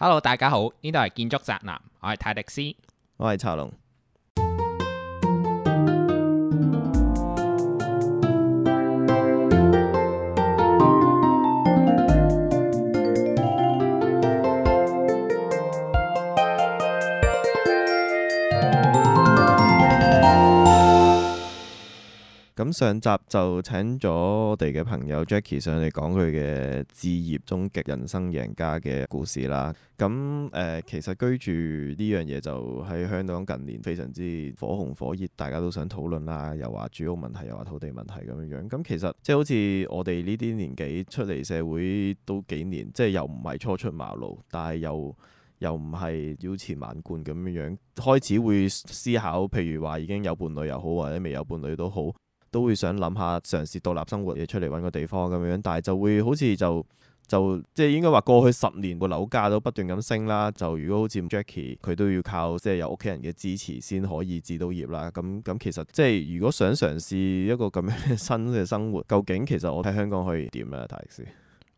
Hello，大家好，呢度係建築宅男，我係泰迪斯，我係茶龍。咁上集就請咗我哋嘅朋友 Jackie 上嚟講佢嘅置業終極人生贏家嘅故事啦。咁誒、呃，其實居住呢樣嘢就喺香港近年非常之火紅火熱，大家都想討論啦，又話住屋問題，又話土地問題咁樣樣。咁其實即係好似我哋呢啲年紀出嚟社會都幾年，即係又唔係初出茅廬，但係又又唔係腰纏萬貫咁樣樣，開始會思考，譬如話已經有伴侶又好，或者未有伴侶都好。都會想諗下嘗試獨立生活，嘢出嚟揾個地方咁樣，但係就會好似就就即係應該話過去十年個樓價都不斷咁升啦。就如果好似 Jacky 佢都要靠即係有屋企人嘅支持先可以置到業啦。咁咁其實即係如果想嘗試一個咁樣嘅新嘅生活，究竟其實我喺香港可以點啊，大師？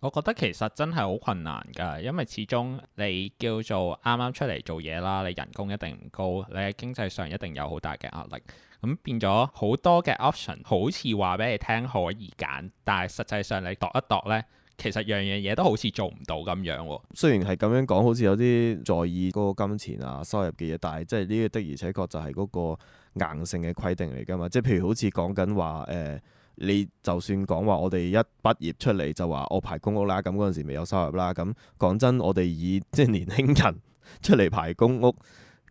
我覺得其實真係好困難㗎，因為始終你叫做啱啱出嚟做嘢啦，你人工一定唔高，你喺經濟上一定有好大嘅壓力。咁變咗好多嘅 option，好似話俾你聽可以揀，但係實際上你度一度呢，其實樣樣嘢都好似做唔到咁樣喎。雖然係咁樣講，好似有啲在意嗰個金錢啊、收入嘅嘢，但係即係呢個的而且確就係嗰個硬性嘅規定嚟㗎嘛。即係譬如好似講緊話誒。呃你就算講話，我哋一畢業出嚟就話我排公屋啦，咁嗰陣時未有收入啦。咁講真，我哋以即係、就是、年輕人出嚟排公屋，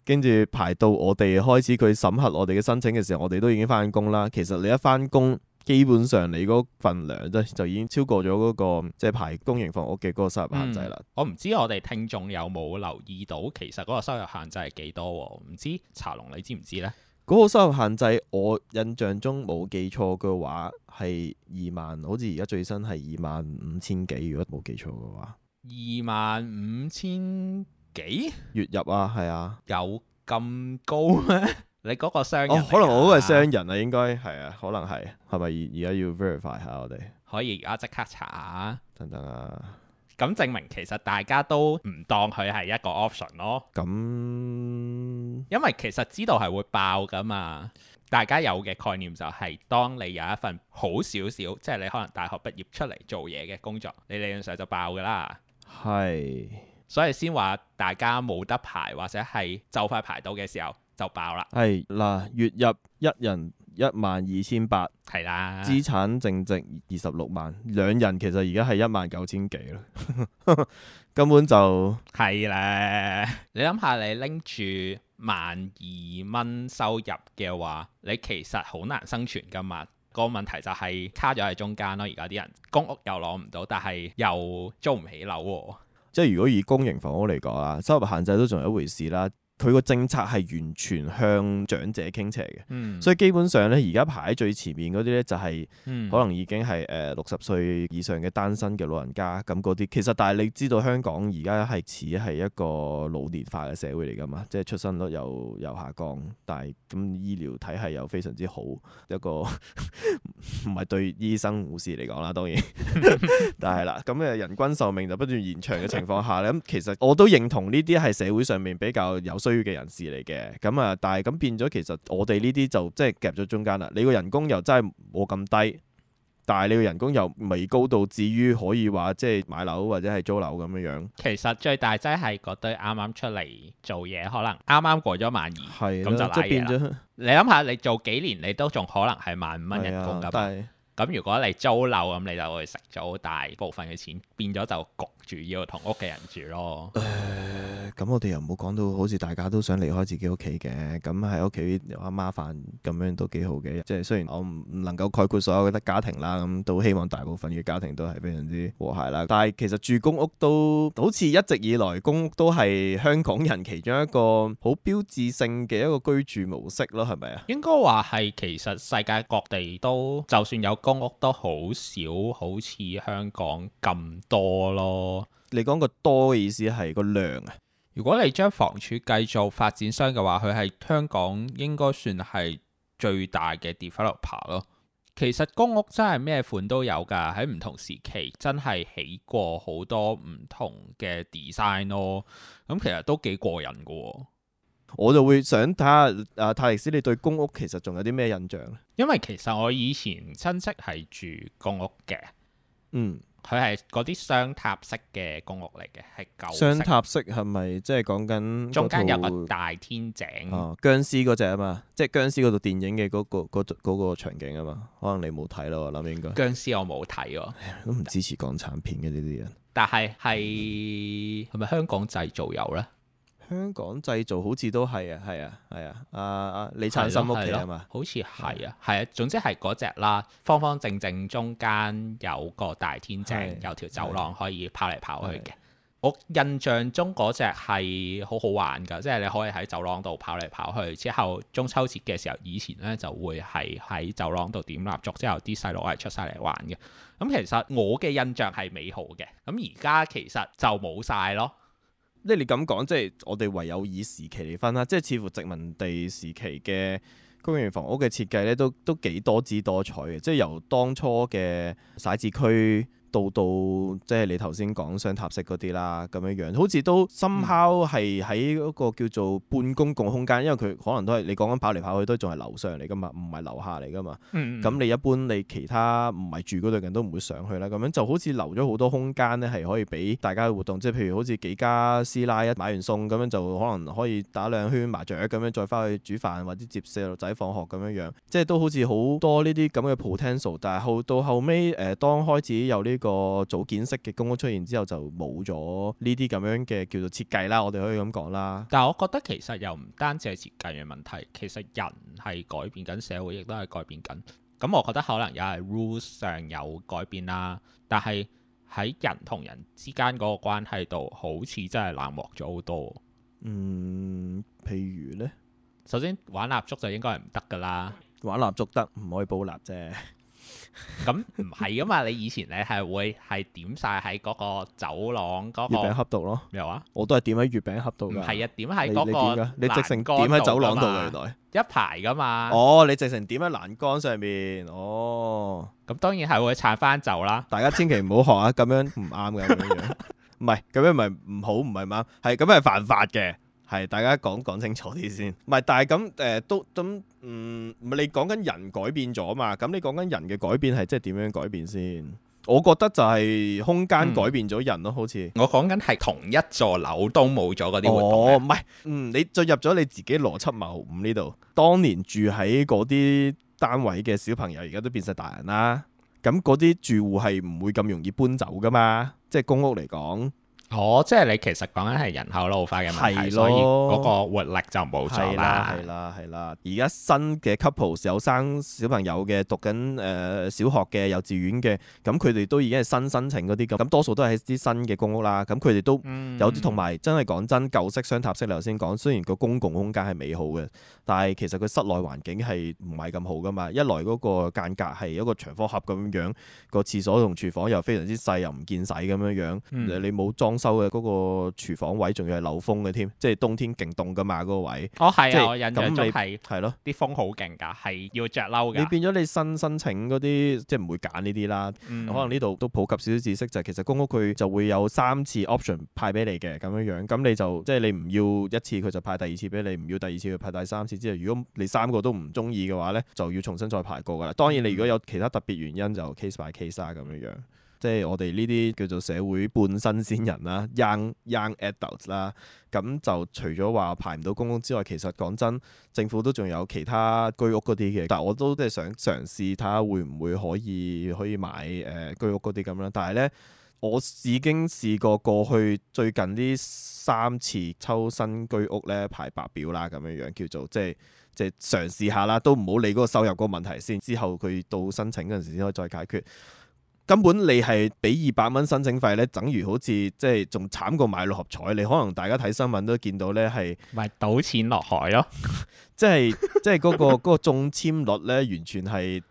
跟住排到我哋開始佢審核我哋嘅申請嘅時候，我哋都已經翻工啦。其實你一翻工，基本上你嗰份糧咧就，就已經超過咗嗰、嗰個即係、就是、排公營房屋嘅嗰個收入限制啦、嗯。我唔知我哋聽眾有冇留意到，其實嗰個收入限制係幾多啊？唔知茶龍你知唔知呢？嗰個收入限制，我印象中冇記錯嘅話係二萬，20, 好似而家最新係二萬五千幾，如果冇記錯嘅話。二萬五千幾月入啊，係啊，有咁高咩？ 你嗰個商人、啊哦、可能我都係商人啊，應該係啊，可能係，係咪而家要 verify 下我哋？可以而家即刻查下。等等啊！咁證明其實大家都唔當佢係一個 option 咯。咁，因為其實知道係會爆㗎嘛。大家有嘅概念就係、是，當你有一份好少少，即係你可能大學畢業出嚟做嘢嘅工作，你理論上就爆㗎啦。係是，所以先話大家冇得排，或者係就快排到嘅時候就爆啦。係，嗱，月入一人。一萬二千八，係是啦，資產淨值二十六萬，嗯、兩人其實而家係一萬九千幾啦， 根本就係咧。你諗下，你拎住萬二蚊收入嘅話，你其實好難生存噶嘛。個問題就係卡咗喺中間咯。而家啲人公屋又攞唔到，但係又租唔起樓。即係如果以公營房屋嚟講啊，收入限制都仲有一回事啦。佢個政策係完全向長者傾斜嘅，嗯，所以基本上咧，而家排喺最前面嗰啲咧就係、是、可能已經係誒六十歲以上嘅單身嘅老人家咁嗰啲。其實，但係你知道香港而家係似係一個老年化嘅社會嚟噶嘛，即係出生率又又下降，但係咁醫療體系又非常之好，一個唔係 對醫生護士嚟講啦，當然， 但係啦，咁誒人均壽命就不斷延長嘅情況下咧，咁其實我都認同呢啲係社會上面比較有需要嘅人士嚟嘅，咁啊，但係咁變咗，其實我哋呢啲就即係夾咗中間啦。你個人工又真係冇咁低，但係你個人工又未高到至於可以話即係買樓或者係租樓咁樣樣。其實最大真係覺得啱啱出嚟做嘢，可能啱啱過咗萬二，係咁就低啦。變咗，你諗下，你做幾年，你都仲可能係萬五蚊人工噶嘛？咁如果你租樓，咁你就會食咗好大部分嘅錢，變咗就焗住要同屋企人住咯，咁我哋又冇講到好似大家都想離開自己屋企嘅，咁喺屋企有阿媽飯咁樣都幾好嘅，即係雖然我唔能夠概括所有嘅家庭啦，咁都希望大部分嘅家庭都係非常之和諧啦。但係其實住公屋都好似一直以來，公屋都係香港人其中一個好標誌性嘅一個居住模式咯，係咪啊？應該話係，其實世界各地都就算有公屋都，都好少好似香港咁多咯。你講個多嘅意思係個量啊！如果你將房署計做發展商嘅話，佢係香港應該算係最大嘅 developer 咯。其實公屋真係咩款都有㗎，喺唔同時期真係起過好多唔同嘅 design 咯。咁、嗯、其實都幾過癮㗎、哦。我就會想睇下阿泰利斯，你對公屋其實仲有啲咩印象咧？因為其實我以前親戚係住公屋嘅，嗯。佢係嗰啲雙塔式嘅公屋嚟嘅，係舊。雙塔式係咪即係講緊中間有個大天井？啊、哦，殭屍嗰隻啊嘛，即係僵屍嗰度電影嘅嗰、嗰個嗰嗰、嗰個嗰個、場景啊嘛，可能你冇睇咯，我諗應該。僵屍我冇睇喎，都唔 支持港產片嘅呢啲人。但係係係咪香港製造有呢？香港製造好似都係啊，係啊，係啊，阿阿李燦森屋企係嘛？吧好似係啊，係啊，總之係嗰隻啦，方方正正中間有個大天井，的有條走廊可以跑嚟跑去嘅。的我印象中嗰隻係好好玩㗎，即係你可以喺走廊度跑嚟跑去。之後中秋節嘅時候，以前咧就會係喺走廊度點蠟燭，之後啲細路係出晒嚟玩嘅。咁、嗯、其實我嘅印象係美好嘅，咁而家其實就冇晒咯。即係你咁講，即係我哋唯有以時期嚟分啦。即係似乎殖民地時期嘅公共房屋嘅設計咧，都都幾多姿多彩嘅。即係由當初嘅徙置區。到到即係你頭先講雙塔式嗰啲啦，咁樣樣好似都深烤係喺嗰個叫做半公共空間，因為佢可能都係你講緊跑嚟跑去都仲係樓上嚟噶嘛，唔係樓下嚟噶嘛。咁你一般你其他唔係住嗰度嘅人都唔會上去啦。咁樣就好似留咗好多空間咧，係可以俾大家嘅活動，即係譬如好似幾家師奶一買完餸咁樣就可能可以打兩圈麻雀咁樣再翻去煮飯或者接細路仔放學咁樣樣，即係都好似好多呢啲咁嘅 potential。但係後到後尾誒、呃、當開始有呢、這個。個組件式嘅公屋出現之後就冇咗呢啲咁樣嘅叫做設計啦，我哋可以咁講啦。但係我覺得其實又唔單止係設計嘅問題，其實人係改變緊，社會亦都係改變緊。咁我覺得可能又係 rules 上有改變啦，但係喺人同人之間嗰個關係度，好似真係冷漠咗好多。嗯，譬如呢，首先玩蠟燭就應該係唔得㗎啦。玩蠟燭得，唔可以煲蠟啫。咁唔係噶嘛？你以前你係會係點晒喺嗰個走廊嗰、嗰個、月餅盒度咯？有啊，我都係點喺月餅盒度噶。係啊，點喺嗰，你，你點噶？你直成點喺走廊度嚟㗎？嘛原來一排噶嘛？哦，你直成點喺欄杆上面！哦，咁當然係會拆翻就啦。大家千祈唔好學啊！咁 樣唔啱嘅，唔係咁樣唔係唔好，唔係唔啱，係咁樣係犯法嘅。係，大家講講清楚啲先。唔係，但係咁誒都咁，唔、嗯、唔，你講緊人改變咗嘛？咁你講緊人嘅改變係即係點樣改變先？我覺得就係空間改變咗人咯，嗯、好似我講緊係同一座樓都冇咗嗰啲活動。哦，唔係，嗯，你進入咗你自己邏輯謬誤呢度，當年住喺嗰啲單位嘅小朋友而家都變晒大人啦。咁嗰啲住戶係唔會咁容易搬走㗎嘛？即係公屋嚟講。哦，即係你其實講緊係人口老化嘅問題，係咯，所以嗰個活力就冇晒啦。係啦，係啦。而家新嘅 couple 有生小朋友嘅，讀緊誒、呃、小學嘅、幼稚園嘅，咁佢哋都已經係新申請嗰啲咁，咁多數都係啲新嘅公屋啦。咁佢哋都、嗯、有啲同埋，真係講真，舊式雙塔式，你頭先講雖然個公共空間係美好嘅，但係其實佢室內環境係唔係咁好噶嘛？一來嗰個間隔係一個長方盒咁樣，個廁所同廚房又非常之細又唔見使咁樣樣，你冇裝。收嘅嗰個廚房位仲要係漏風嘅添，即係冬天勁凍㗎嘛嗰、那個位。哦，係啊，咁是印象中係係咯，啲的風好勁㗎，係要着褸嘅。你變咗你新申請嗰啲即係唔會揀呢啲啦。嗯、可能呢度都普及少少知識就係、是、其實公屋佢就會有三次 option 派俾你嘅咁樣樣。咁你就即係、就是、你唔要一次佢就派第二次俾你，唔要第二次佢派第三次之後，如果你三個都唔中意嘅話咧，就要重新再排過㗎啦。當然你如果有其他特別原因就 case by case 啊咁樣樣。即係我哋呢啲叫做社會半新鮮人啦，young young adults 啦，咁就除咗話排唔到公屋之外，其實講真，政府都仲有其他居屋嗰啲嘅，但係我都都係想嘗試睇下會唔會可以可以買誒、呃、居屋嗰啲咁樣。但係呢，我已經試過過去最近呢三次抽新居屋呢排白表啦，咁樣樣叫做即係即係嘗試下啦，都唔好理嗰個收入個問題先，之後佢到申請嗰陣時先可以再解決。根本你係俾二百蚊申請費咧，等如好似即係仲慘過買六合彩。你可能大家睇新聞都見到咧，係咪賭錢落海咯， 即係即係嗰個中籤率咧，完全係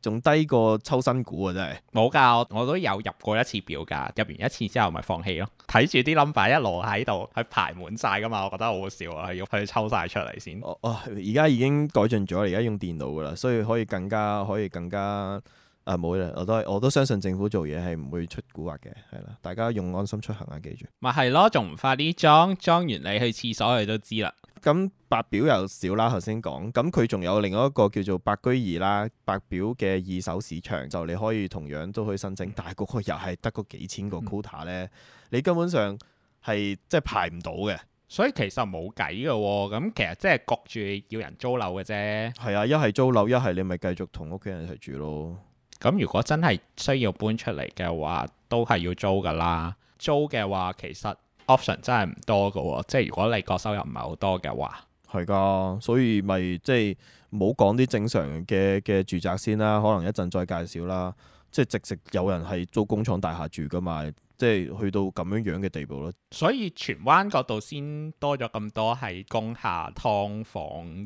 仲低過抽新股啊！真係冇噶，我都有入過一次表噶，入完一次之後咪放棄咯。睇住啲 number 一路喺度，佢排滿晒噶嘛，我覺得好好笑啊，要佢抽晒出嚟先。我我而家已經改進咗，而家用電腦噶啦，所以可以更加可以更加。啊冇啦，我都我都相信政府做嘢係唔會出蠱惑嘅，係啦，大家用安心出行啊，記住咪係咯，仲唔快啲裝裝完你去廁所你都知啦。咁白、嗯、表又少啦，頭先講咁佢仲有另外一個叫做白居二啦，白表嘅二手市場就你可以同樣都去申請，但係嗰個又係得個幾千個 quota 咧，嗯、你根本上係即係排唔到嘅，所以其實冇計嘅喎。咁其實即係焗住要人租樓嘅啫，係啊，一係租樓，一係你咪繼續同屋企人一齊住咯。咁如果真係需要搬出嚟嘅話，都係要租噶啦。租嘅話，其實 option 真係唔多噶喎、哦。即係如果你個收入唔係好多嘅話，係噶，所以咪即係冇講啲正常嘅嘅住宅先啦。可能一陣再介紹啦。即係直直有人係租工廠大廈住噶嘛，即係去到咁樣樣嘅地步咯，所以荃灣嗰度先多咗咁多係工廈劏房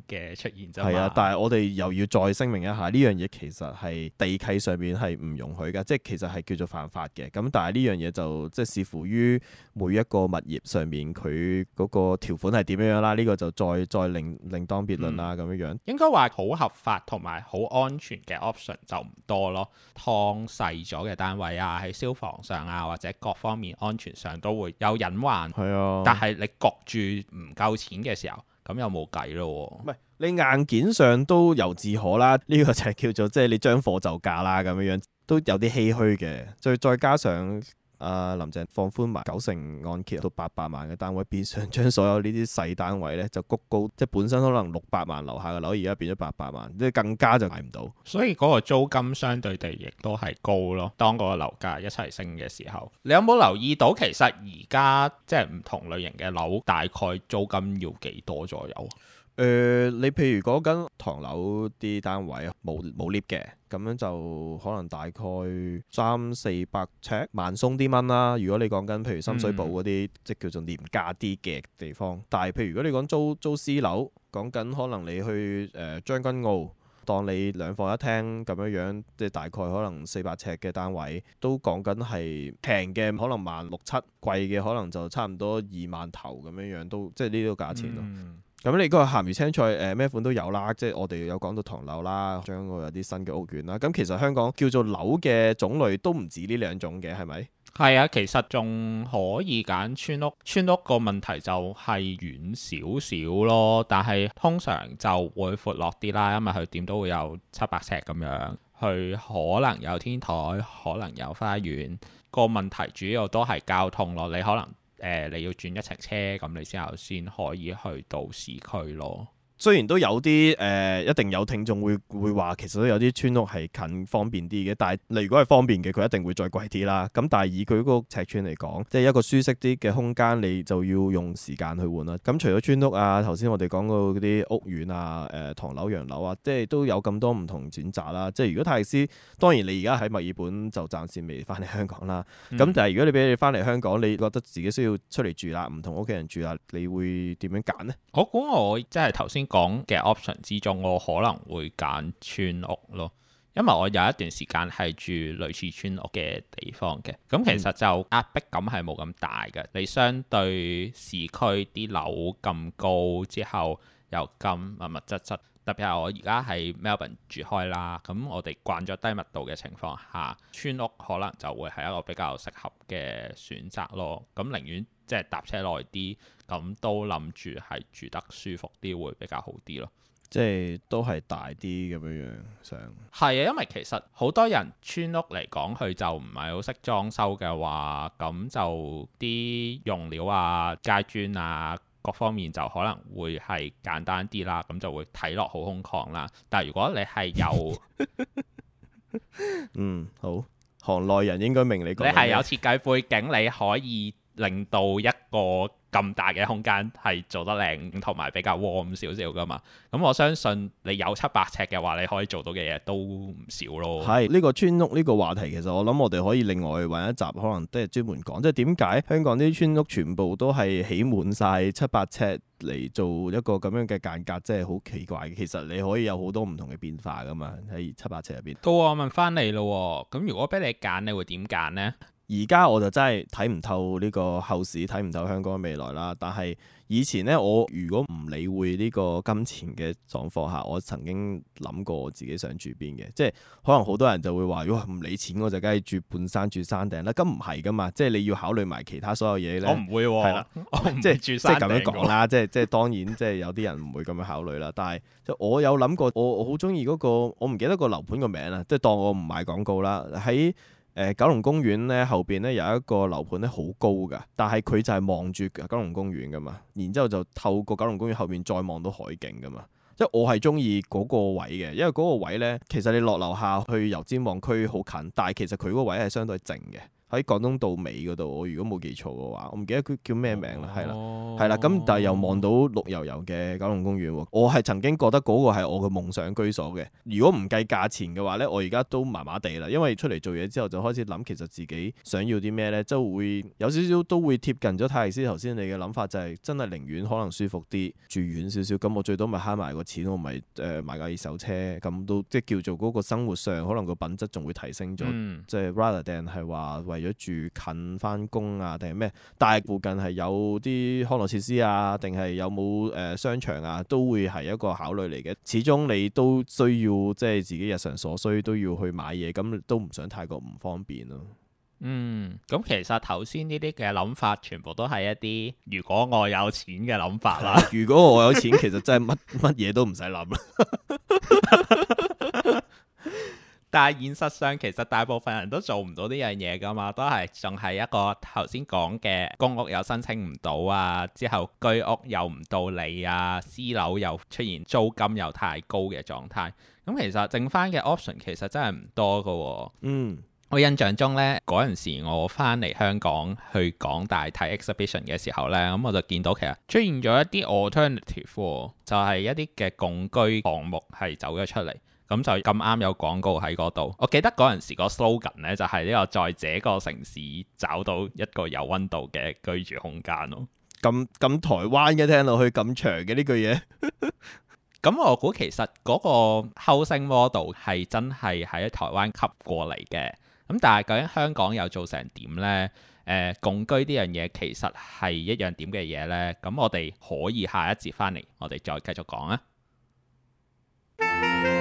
嘅出現啫嘛、啊。但係我哋又要再聲明一下，呢樣嘢其實係地契上面係唔容許嘅，即係其實係叫做犯法嘅。咁但係呢樣嘢就即係視乎於每一個物業上面佢嗰個條款係點樣啦。呢、這個就再再另另當別論啦，咁、嗯、樣樣應該話好合法同埋好安全嘅 option 就唔多咯。㓥細咗嘅單位啊，喺消防上啊，或者、啊。或者各方面安全上都會有隱患，係啊，但係你焗住唔夠錢嘅時候，咁又冇計咯。你硬件上都由自可啦，呢，這個就係叫做即係你將貨就價啦咁樣樣都有啲唏噓嘅。再再加上。啊、呃，林鄭放寬埋九成按揭到八百萬嘅單位，變相將所有呢啲細單位咧就谷高，即係本身可能六百萬樓下嘅樓，而家變咗八百萬，即係更加就買唔到。所以嗰個租金相對地亦都係高咯。當嗰個樓價一齊升嘅時候，你有冇留意到其實而家即係唔同類型嘅樓大概租金要幾多左右？誒、呃，你譬如講緊唐樓啲單位，冇冇 lift 嘅，咁樣就可能大概三四百尺，萬鬆啲蚊啦。如果你講緊譬如深水埗嗰啲，嗯、即叫做廉價啲嘅地方，但係譬如如果你講租租私樓，講緊可能你去誒、呃、將軍澳，當你兩房一廳咁樣樣，即係大概可能四百尺嘅單位，都講緊係平嘅，可能萬六七，貴嘅可能就差唔多二萬頭咁樣樣，都即係呢個價錢咯。嗯咁你嗰個鹹魚青菜誒咩、呃、款都有啦，即係我哋有講到唐樓啦，將會有啲新嘅屋苑啦。咁其實香港叫做樓嘅種類都唔止呢兩種嘅，係咪？係啊，其實仲可以揀村屋。村屋個問題就係遠少少咯，但係通常就會闊落啲啦，因為佢點都會有七百尺咁樣，佢可能有天台，可能有花園。個問題主要都係交通咯，你可能。誒、呃，你要轉一程車，咁你之後先可以去到市區咯。雖然都有啲誒、呃，一定有聽眾會會話，其實都有啲村屋係近方便啲嘅。但係你如果係方便嘅，佢一定會再貴啲啦。咁但係以佢嗰個尺寸嚟講，即係一個舒適啲嘅空間，你就要用時間去換啦。咁除咗村屋啊，頭先我哋講到嗰啲屋苑啊、誒、呃、唐樓、洋樓啊，即係都有咁多唔同選擇啦。即係如果泰斯，當然你而家喺墨爾本就暫時未翻嚟香港啦。咁、嗯、但係如果你俾你翻嚟香港，你覺得自己需要出嚟住啦，唔同屋企人住啦，你會點樣揀呢？我講我即係頭先。講嘅 option 之中，我可能會揀村屋咯，因為我有一段時間係住類似村屋嘅地方嘅，咁其實就壓迫感係冇咁大嘅，你相對市區啲樓咁高之後又咁密密質質。特別係我而家喺 Melbourne 住開啦，咁我哋慣咗低密度嘅情況下，村屋可能就會係一個比較適合嘅選擇咯。咁寧願即係搭車耐啲，咁都諗住係住得舒服啲會比較好啲咯。即係都係大啲咁樣樣想。係啊，因為其實好多人村屋嚟講，佢就唔係好識裝修嘅話，咁就啲用料啊、街磚啊。各方面就可能會係簡單啲啦，咁就會睇落好空曠啦。但係如果你係有， 嗯，好，行內人應該明你講。你係有設計背景， 你可以令到一個。咁大嘅空間係做得靚，同埋比較旺少少噶嘛。咁我相信你有七百尺嘅話，你可以做到嘅嘢都唔少咯。係，呢個村屋呢個話題，其實我諗我哋可以另外揾一集，可能都係專門講，即係點解香港啲村屋全部都係起滿晒七百尺嚟做一個咁樣嘅間隔，即係好奇怪。其實你可以有好多唔同嘅變化噶嘛，喺七百尺入邊。到我問翻你咯，咁如果俾你揀，你會點揀呢？而家我就真係睇唔透呢個後市，睇唔透香港嘅未來啦。但係以前呢，我如果唔理會呢個金錢嘅狀況下，我曾經諗過我自己想住邊嘅。即係可能好多人就會話，哇，唔理錢我就梗係住半山住山頂啦。咁唔係噶嘛，即係你要考慮埋其他所有嘢咧。我唔會喎，啊，係啦，即係住山頂。即係咁樣講啦，即係即係當然， 即係有啲人唔會咁樣考慮啦。但係即我有諗過，我我好中意嗰個，我唔記得個樓盤個名啦，即係當我唔賣廣告啦，喺。誒、呃、九龍公園咧，後邊咧，有一個樓盤咧好高㗎，但係佢就係望住九龍公園㗎嘛，然之後就透過九龍公園後面再望到海景㗎嘛，即係我係中意嗰個位嘅，因為嗰個位咧其實你落樓下去油尖旺區好近，但係其實佢個位係相對靜嘅。喺廣東道尾嗰度，我如果冇記錯嘅話，我唔記得佢叫咩名啦，係啦、哦，係啦，咁但係又望到綠油油嘅九龍公園，我係曾經覺得嗰個係我嘅夢想居所嘅。如果唔計價錢嘅話咧，我而家都麻麻地啦，因為出嚟做嘢之後就開始諗，其實自己想要啲咩咧，即係會有少少都會貼近咗泰醫師頭先你嘅諗法、就是，就係真係寧願可能舒服啲住遠少少，咁我最多咪慳埋個錢，我咪誒、呃、買架二手車，咁都即係叫做嗰個生活上可能個品質仲會提升咗，即係、嗯、rather than 係話除咗住近翻工啊，定係咩？但係附近係有啲康樂設施啊，定係有冇誒、呃、商場啊，都會係一個考慮嚟嘅。始終你都需要即係自己日常所需都要去買嘢，咁都唔想太過唔方便咯。嗯，咁其實頭先呢啲嘅諗法，全部都係一啲如果我有錢嘅諗法啦。 如果我有錢，其實真係乜乜嘢都唔使諗啦。 但係現實上，其實大部分人都做唔到呢樣嘢噶嘛，都係仲係一個頭先講嘅公屋又申請唔到啊，之後居屋又唔到你啊，私樓又出現租金又太高嘅狀態。咁其實剩翻嘅 option 其實真係唔多噶喎。嗯，我印象中呢，嗰陣時我翻嚟香港去港大睇 exhibition 嘅時候呢，咁我就見到其實出現咗一啲 alternative 喎，就係一啲嘅共居項目係走咗出嚟。咁就咁啱有廣告喺嗰度。我記得嗰陣時個 slogan 呢，就係、是、呢、這個，在這個城市找到一個有溫度嘅居住空間咯。咁咁台灣嘅聽落去咁長嘅呢句嘢，咁 我估其實嗰個 housing model 係真係喺台灣吸過嚟嘅。咁但係究竟香港有做成點呢？誒、呃，共居呢樣嘢其實係一樣點嘅嘢呢？咁我哋可以下一節翻嚟，我哋再繼續講啊。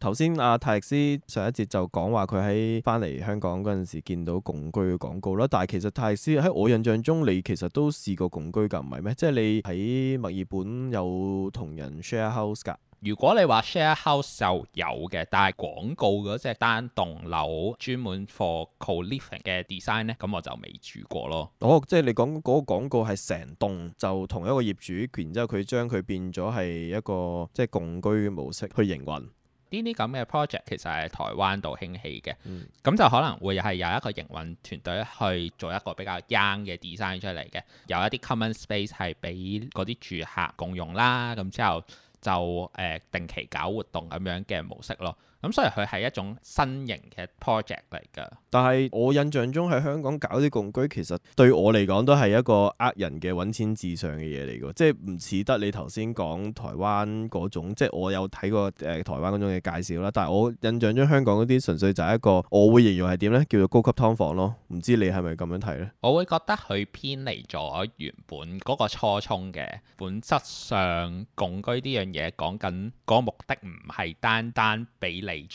頭先阿泰力斯上一節就講話佢喺翻嚟香港嗰陣時見到共居嘅廣告啦，但係其實泰力斯喺我印象中，你其實都試過共居噶，唔係咩？即係你喺墨爾本有同人 share house 㗎？如果你話 share house 就有嘅，但係廣告嗰隻單棟樓專門 for co-living 嘅 design 咧，咁我就未住過咯。哦，即係你講嗰、嗰個廣告係成棟就同一個業主，然之後佢將佢變咗係一個即係共居模式去營運。呢啲咁嘅 project 其實係台灣度興起嘅，咁、嗯、就可能會係有一個營運團隊去做一個比較 young 嘅 design 出嚟嘅，有一啲 common space 係俾嗰啲住客共用啦，咁之後就誒、呃、定期搞活動咁樣嘅模式咯。咁、嗯、所以佢係一種新型嘅 project 嚟㗎，但係我印象中喺香港搞啲共居，其實對我嚟講都係一個呃人嘅揾錢至上嘅嘢嚟㗎，即係唔似得你頭先講台灣嗰種，即係我有睇過誒、呃、台灣嗰種嘅介紹啦。但係我印象中香港嗰啲純粹就係一個我會形容係點咧？叫做高級劏房咯。唔知你係咪咁樣睇咧？我會覺得佢偏離咗原本嗰個初衷嘅。本質上，共居呢樣嘢講緊個目的唔係單單俾你嚟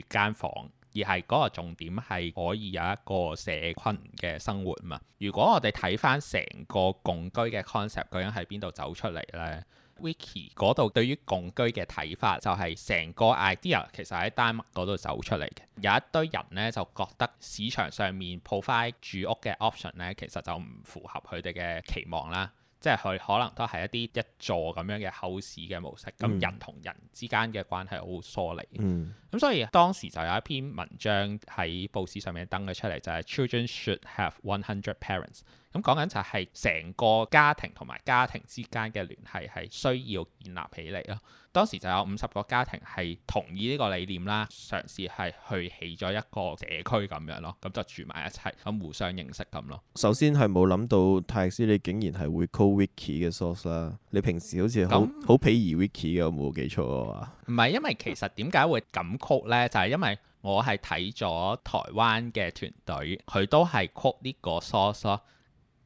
住間房，而係嗰個重點係可以有一個社群嘅生活嘛。如果我哋睇翻成個共居嘅 concept，究竟喺邊度走出嚟呢？Wiki 嗰度對於共居嘅睇法就係成個 idea 其實喺丹麥嗰度走出嚟嘅，有一堆人呢，就覺得市場上面 provide 住屋嘅 option 呢，其實就唔符合佢哋嘅期望啦。即係佢可能都係一啲一座咁樣嘅後市嘅模式，咁、嗯、人同人之間嘅關係好疏離。咁、嗯、所以當時就有一篇文章喺報紙上面登咗出嚟，就係、是、Children should have one hundred parents。咁講緊就係成個家庭同埋家庭之間嘅聯繫係需要建立起嚟咯。當時就有五十個家庭係同意呢個理念啦，嘗試係去起咗一個社區咁樣咯。咁就住埋一齊，咁互相認識咁咯。首先係冇諗到泰斯，你竟然係會 call wiki 嘅 source 啦、啊。你平時好似好好鄙夷 wiki 嘅，冇記錯啊，唔係，因為其實點解會咁 quote 咧？就係、是、因為我係睇咗台灣嘅團隊，佢都係 quote 呢個 source、啊。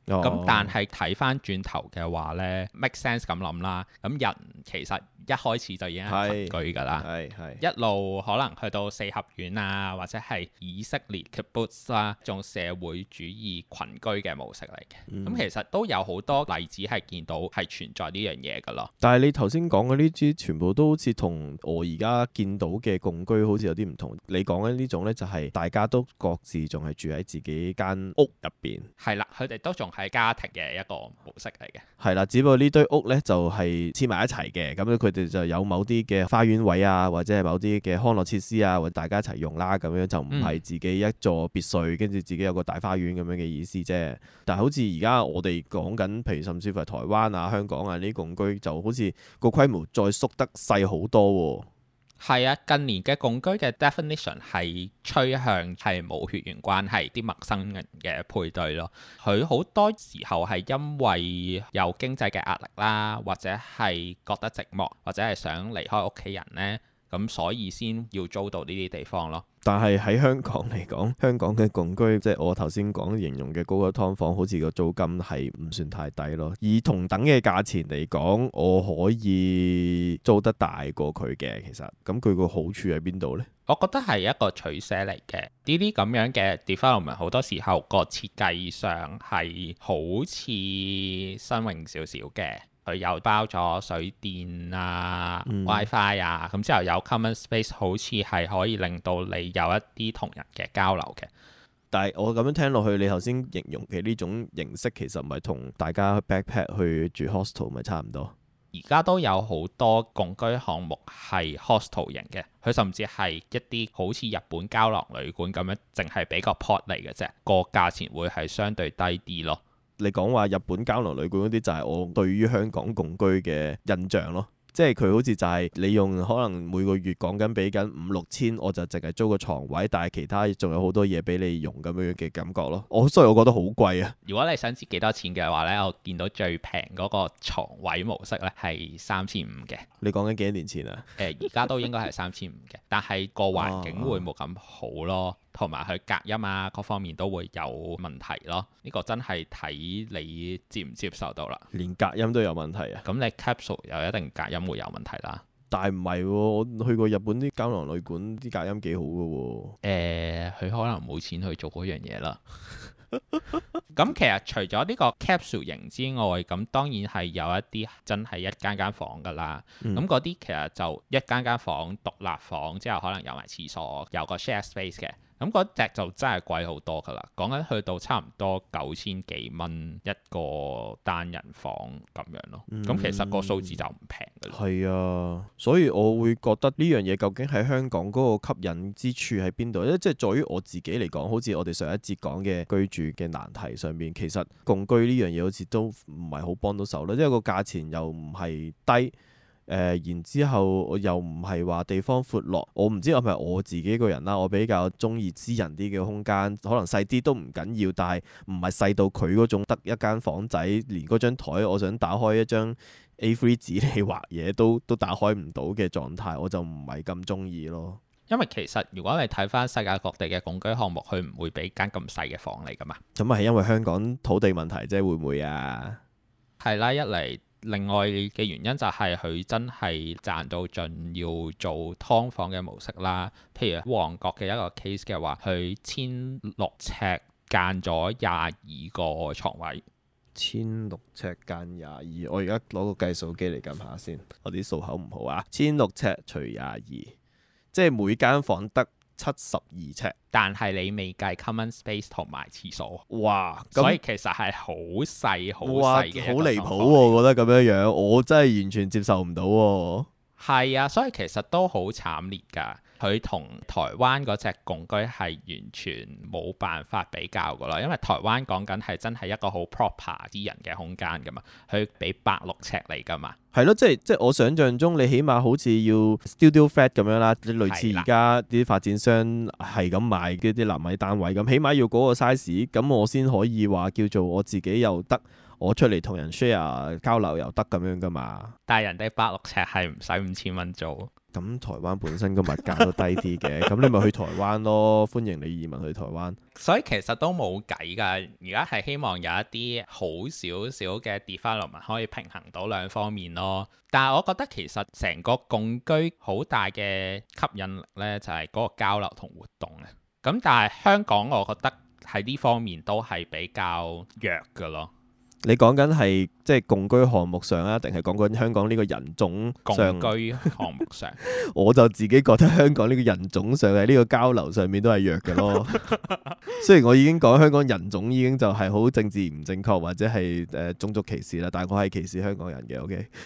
咁、哦嗯、但係睇翻轉頭嘅話咧，make sense 咁諗啦。咁人其實一開始就已經係群居㗎啦，一路可能去到四合院啊，或者係以色列 Kibbutz 啊，仲社會主義群居嘅模式嚟嘅。咁、嗯、其實都有好多例子係見到係存在呢樣嘢㗎咯。但係你頭先講嘅呢啲全部都好似同我而家見到嘅共居好似有啲唔同。你講嘅呢種呢，就係大家都各自仲係住喺自己間屋入邊。係啦，佢哋都仲。係家庭嘅一個模式嚟嘅，係啦。只不過呢堆屋呢，就係黐埋一齊嘅，咁樣佢哋就有某啲嘅花園位啊，或者係某啲嘅康樂設施啊，或者大家一齊用啦。咁樣就唔係自己一座別墅，跟住自己有個大花園咁樣嘅意思啫。但係好似而家我哋講緊，譬如甚至乎係台灣啊、香港啊呢啲共居，就好似個規模再縮得細好多喎、啊。係啊，近年嘅共居嘅 definition 係趨向係冇血緣關係啲陌生人嘅配對咯。佢好多時候係因為有經濟嘅壓力啦，或者係覺得寂寞，或者係想離開屋企人呢。咁所以先要租到呢啲地方咯。但係喺香港嚟講，香港嘅共居，即係我頭先講形容嘅高級劏房，好似個租金係唔算太低咯。以同等嘅價錢嚟講，我可以租得大過佢嘅，其實。咁佢個好處喺邊度呢？我覺得係一個取捨嚟嘅。呢啲咁樣嘅 development 好多時候個設計上係好似新穎少少嘅。佢又包咗水電啊、嗯、WiFi 啊，咁之後有 common space，好似係可以令到你有一啲同人嘅交流嘅。但係我咁樣聽落去，你頭先形容嘅呢種形式，其實唔係同大家 backpack 去住 hostel 咪差唔多。而家都有好多共居項目係 hostel 型嘅，佢甚至係一啲好似日本膠囊旅館咁樣，淨係俾個 pod 嚟嘅啫，個價錢會係相對低啲咯。你講話日本膠囊旅館嗰啲就係我對於香港共居嘅印象咯，即係佢好似就係你用可能每個月講緊俾緊五六千，我就淨係租個床位，但係其他仲有好多嘢俾你用咁樣嘅感覺咯。我所以我覺得好貴啊，如果你想知幾多錢嘅話呢，我見到最平嗰個牀位模式呢係三千五嘅。你講緊幾多年前啊？誒，而家都應該係三千五嘅， 但係個環境會冇咁好咯。同埋佢隔音啊，各方面都會有問題咯。呢、這個真係睇你接唔接受到啦。連隔音都有問題啊？咁你 capsule 又一定隔音會有問題啦？但唔係、哦，我去過日本啲膠囊旅館，啲隔音幾好嘅喎、哦。佢、呃、可能冇錢去做嗰樣嘢啦。咁 其實除咗呢個 capsule 型之外，咁當然係有一啲真係一間間房㗎啦。咁嗰啲其實就一間間房獨立房，之後可能有埋廁所，有個 share space 嘅。咁嗰隻就真係貴好多噶啦，講緊去到差唔多九千幾蚊一個單人房咁樣咯。咁、嗯、其實個數字就唔平噶啦。係啊，所以我會覺得呢樣嘢究竟喺香港嗰個吸引之處喺邊度？即係在於我自己嚟講，好似我哋上一節講嘅居住嘅難題上面，其實共居呢樣嘢好似都唔係好幫到手啦，因為個價錢又唔係低。誒，然之後我又唔係話地方闊落，我唔知我係咪我自己個人啦，我比較中意私人啲嘅空間，可能細啲都唔緊要，但係唔係細到佢嗰種得一間房仔，連嗰張台我想打開一張 A3 紙嚟畫嘢都都打開唔到嘅狀態，我就唔係咁中意咯。因為其實如果你睇翻世界各地嘅共居項目，佢唔會俾間咁細嘅房嚟噶嘛。咁啊，係因為香港土地問題啫，會唔會啊？係啦，啊，一嚟。另外嘅原因就係佢真係賺到盡要做劏房嘅模式啦。譬如旺角嘅一個 case 嘅話，佢千六尺間咗廿二個床位。千六尺間廿二、嗯，我而家攞個計數機嚟撳下先，我啲數口唔好啊。千六尺除廿二，即係每間房得七十二尺，但係你未計 common space 同埋廁所，哇！所以其實係好細、好細嘅，好離譜喎，啊！我覺得咁樣樣，我真係完全接受唔到喎。係啊，所以其實都好慘烈㗎。佢同台灣嗰隻共居係完全冇辦法比較噶啦，因為台灣講緊係真係一個好 proper 啲人嘅空間噶嘛，佢俾八六尺嚟噶嘛。係咯，即係即係我想像中，你起碼好似要 studio flat 咁樣啦，你類似而家啲發展商係咁賣啲啲納米單位咁，了起碼要嗰個 size，咁我先可以話叫做我自己又得，我出嚟同人 share 交流又得咁樣噶嘛。但係人哋八六尺係唔使五千蚊租。咁台灣本身個物價都低啲嘅，咁 你咪去台灣咯。歡迎你移民去台灣，所以其實都冇計㗎。而家係希望有一啲好少少嘅 development，可以平衡到兩方面咯。但係我覺得其實成個共居好大嘅吸引力呢，就係、是、嗰個交流同活動嘅。咁但係香港，我覺得喺呢方面都係比較弱㗎咯。你講緊係即係共居項目上啊，定係講緊香港呢個人種共居項目上？共居項目上 我就自己覺得香港呢個人種上嘅呢個交流上面都係弱嘅咯。 雖然我已經講香港人種已經就係好政治唔正確或者係誒種族歧視啦，但係我係歧視香港人嘅。O.K.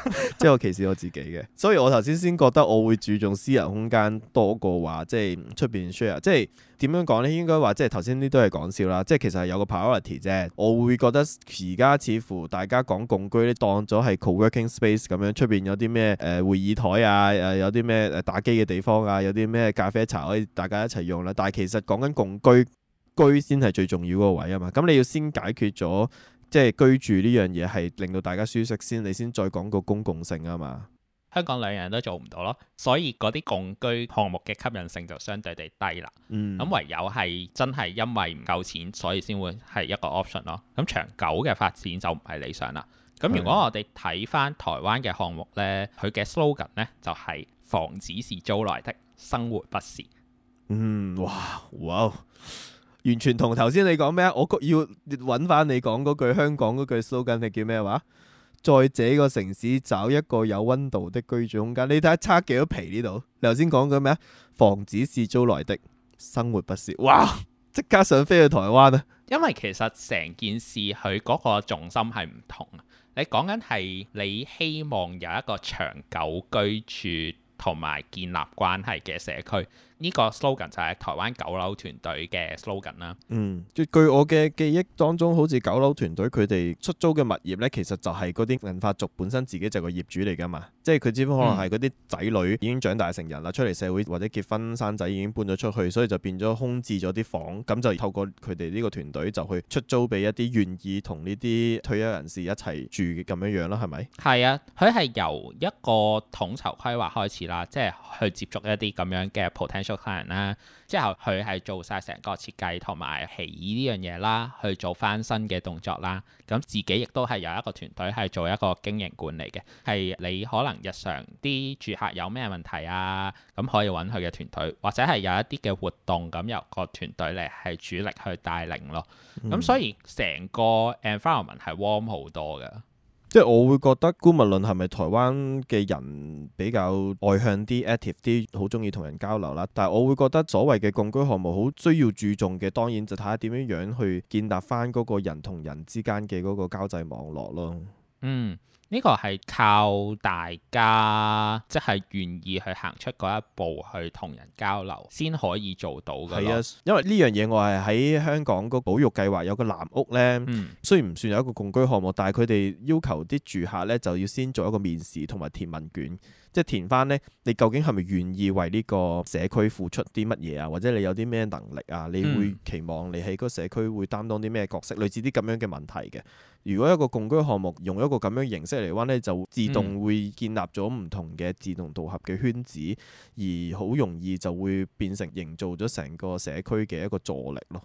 即係我歧視我自己嘅。所以我頭先先覺得我會注重私人空間多過話，即係出邊 share。即係點樣講咧？應該話即係頭先呢都係講笑啦。即係其實係有個 priority 啫。我會覺得。而家似乎大家講共居咧，當咗係 co-working space 咁樣，出邊有啲咩誒會議台啊，誒有啲咩誒打機嘅地方啊，有啲咩咖啡茶可以大家一齊用啦。但係其實講緊共居居先係最重要嗰個位啊嘛。咁你要先解決咗即係居住呢樣嘢係令到大家舒適先，你先再講個公共性啊嘛。香港兩人都做唔到咯，所以嗰啲共居項目嘅吸引性就相對地低啦。咁、嗯、唯有係真係因為唔夠錢，所以先會係一個 option 咯。咁長久嘅發展就唔係理想啦。咁如果我哋睇翻台灣嘅項目呢，佢嘅 slogan 呢，呢就係、是、房子是租來的，生活不是。嗯，哇，哇，完全同頭先你講咩啊？我要揾翻你講嗰句香港嗰句 slogan，你叫咩話？在這個城市找一個有溫度的居住空間，你睇下差幾多皮呢度？你頭先講個咩啊？房子是租來的，生活不是。哇！即刻想飛去台灣啊！因為其實成件事佢嗰個重心係唔同。你講緊係你希望有一個長久居住同埋建立關係嘅社區。呢個 slogan 就係台灣玖樓團隊嘅 slogan 啦。嗯，即係據我嘅記憶當中，好似玖樓團隊佢哋出租嘅物業咧，其實就係嗰啲銀髮族本身自己就個業主嚟噶嘛。即係佢只不過可能係嗰啲仔女已經長大成人啦，出嚟社會或者結婚生仔已經搬咗出去，所以就變咗空置咗啲房，咁就透過佢哋呢個團隊就去出租俾一啲願意同呢啲退休人士一齊住咁樣樣啦，係咪？係啊，佢係由一個統籌規劃開始啦，即係去接觸一啲咁樣嘅 potential 住客人啦，之後佢係做晒成個設計同埋起呢樣嘢啦，去做翻新嘅動作啦。咁自己亦都係有一個團隊係做一個經營管理嘅，係你可能日常啲住客有咩問題啊，咁可以揾佢嘅團隊，或者係有一啲嘅活動，咁由個團隊嚟係主力去帶領咯。咁、嗯、所以成個 environment 係 warm 好多嘅。即係我會覺得姑勿論係咪台灣嘅人比較外向啲、active 啲，好中意同人交流啦，但係我會覺得所謂嘅共居項目好需要注重嘅，當然就睇下點樣樣去建立返嗰個人同人之間嘅嗰個交際網絡咯。嗯。呢個係靠大家，即係願意去行出嗰一步，去同人交流，先可以做到嘅。係啊，因為呢樣嘢我係喺香港個保育計劃有個藍屋呢。嗯、雖然唔算有一個共居項目，但係佢哋要求啲住客呢，就要先做一個面試同埋填問卷。即係填翻呢，你究竟係咪願意為呢個社區付出啲乜嘢啊？或者你有啲咩能力啊？嗯、你會期望你喺嗰個社區會擔當啲咩角色？類似啲咁樣嘅問題嘅。如果一個共居項目用一個咁樣形式嚟玩呢，就自動會建立咗唔同嘅志同道合嘅圈子，嗯、而好容易就會變成營造咗成個社區嘅一個助力咯。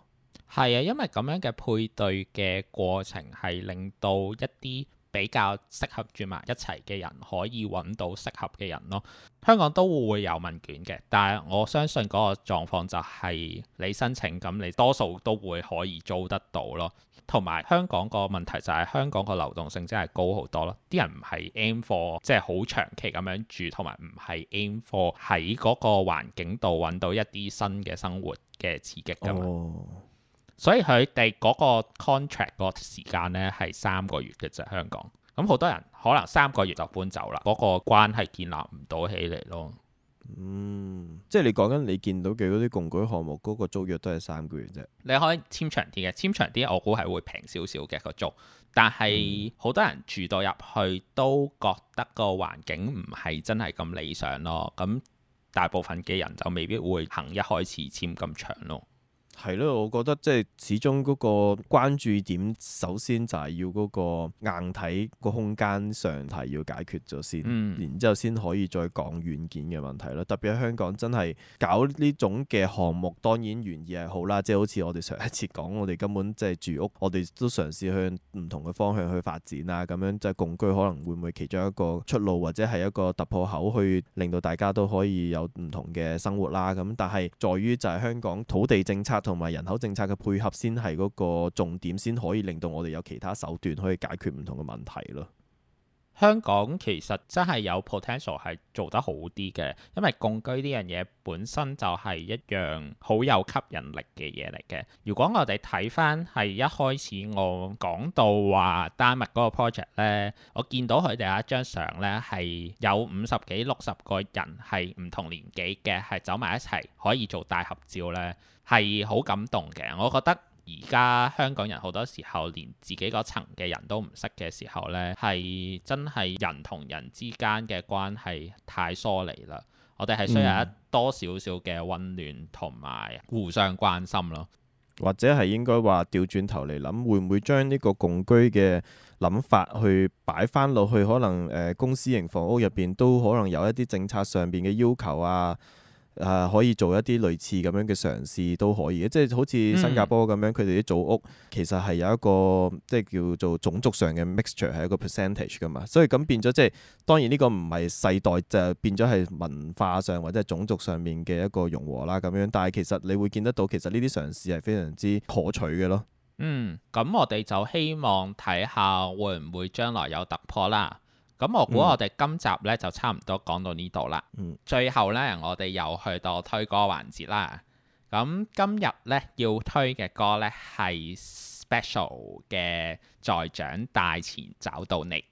係啊，因為咁樣嘅配對嘅過程係令到一啲比較適合住埋一齊嘅人，可以揾到適合嘅人咯。香港都會有問卷嘅，但係我相信嗰個狀況就係、是、你申請，咁你多數都會可以租得到咯。同埋香港個問題就係、是、香港個流動性真係高好多咯，啲人唔係 aim for 即係好長期咁樣住，同埋唔係 aim for 喺嗰個環境度揾到一啲新嘅生活嘅刺激咁。所以佢哋嗰個 contract 嗰時間呢係三個月嘅啫，香港。咁好多人可能三個月就搬走啦，嗰個關係建立唔到起嚟咯。嗯，即係你講緊你見到嘅嗰啲共居項目，嗰個租約都係三個月啫。你可以簽長啲嘅，簽長啲我估係會平少少嘅個租。但係好、嗯、多人住到入去都覺得個環境唔係真係咁理想咯。咁大部分嘅人就未必會行一開始簽咁長咯。係咯，我覺得即係始終嗰個關注點，首先就係要嗰個硬體個空間上係要解決咗先，嗯、然之後先可以再講軟件嘅問題咯。特別香港真係搞呢種嘅項目，當然原意係好啦。即係好似我哋上一次講，我哋根本即係住屋，我哋都嘗試向唔同嘅方向去發展啊。咁樣即係共居可能會唔會其中一個出路，或者係一個突破口，去令到大家都可以有唔同嘅生活啦。咁但係在於就係香港土地政策。同埋人口政策嘅配合，先係嗰個重點先可以令到我哋有其他手段可以解決唔同嘅問題咯。香港其實真係有 potential 係做得好啲嘅，因為共居呢樣嘢本身就係一樣好有吸引力嘅嘢嚟嘅。如果我哋睇翻係一開始我講到話丹麥嗰個 project 咧，我見到佢哋有一張相咧，係有五十幾六十個人係唔同年紀嘅，係走埋一齊可以做大合照咧。係好感動嘅，我覺得而家香港人好多時候連自己嗰層嘅人都唔識嘅時候呢，係真係人同人之間嘅關係太疏離啦。我哋係需要多一多少少嘅溫暖同埋互相關心咯、嗯，或者係應該話調轉頭嚟諗，會唔會將呢個共居嘅諗法去擺翻落去？可能誒、呃、公私營房屋入邊都可能有一啲政策上邊嘅要求啊。誒、呃、可以做一啲類似咁樣嘅嘗試都可以嘅，即係好似新加坡咁樣，佢哋啲組屋其實係有一個即係叫做種族上嘅 mixture 係一個 percentage 噶嘛，所以咁變咗即係當然呢個唔係世代就變咗係文化上或者係種族上面嘅一個融合啦咁樣，但係其實你會見得到其實呢啲嘗試係非常之可取嘅咯。嗯，咁我哋就希望睇下會唔會將來有突破啦。咁我估我哋今集咧就差唔多講到呢度啦。嗯、最後咧，我哋又去到推歌環節啦。咁今日咧要推嘅歌咧係 Zpecial 嘅在長大前找到你。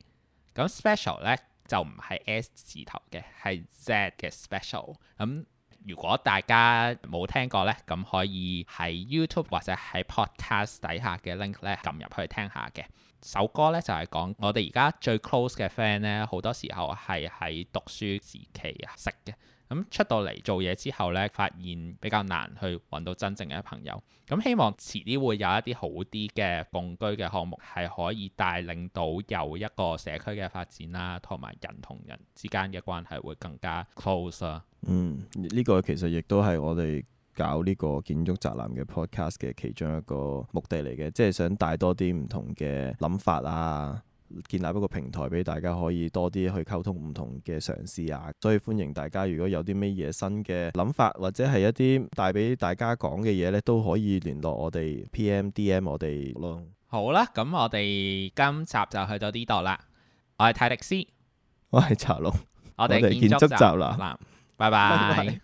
咁 Special 咧就唔係 S 字頭嘅，係 Z 嘅 Special。咁如果大家冇聽過咧，咁可以喺 YouTube 或者喺 Podcast 底下嘅 link 咧撳入去聽下嘅。首歌咧就係、是、講我哋而家最 close 嘅 friend 咧，好多時候係喺讀書時期識嘅。咁、嗯、出到嚟做嘢之後咧，發現比較難去搵到真正嘅朋友。咁、嗯、希望遲啲會有一啲好啲嘅共居嘅項目係可以帶領到又一個社區嘅發展啦，同埋人同人之間嘅關係會更加 close。嗯，呢、這個其實亦都係我哋搞呢個建築宅男嘅 podcast 嘅其中一個目的嚟嘅，即係想帶多啲唔同嘅諗法啊，建立一個平台俾大家可以多啲去溝通唔同嘅嘗試啊，所以歡迎大家如果有啲咩嘢新嘅諗法或者係一啲帶俾大家講嘅嘢咧，都可以聯絡我哋 PMDM 我哋咯。好啦，咁我哋今集就去到呢度啦。我係泰迪斯，我係茶龍，我哋建築 宅男， 拜拜。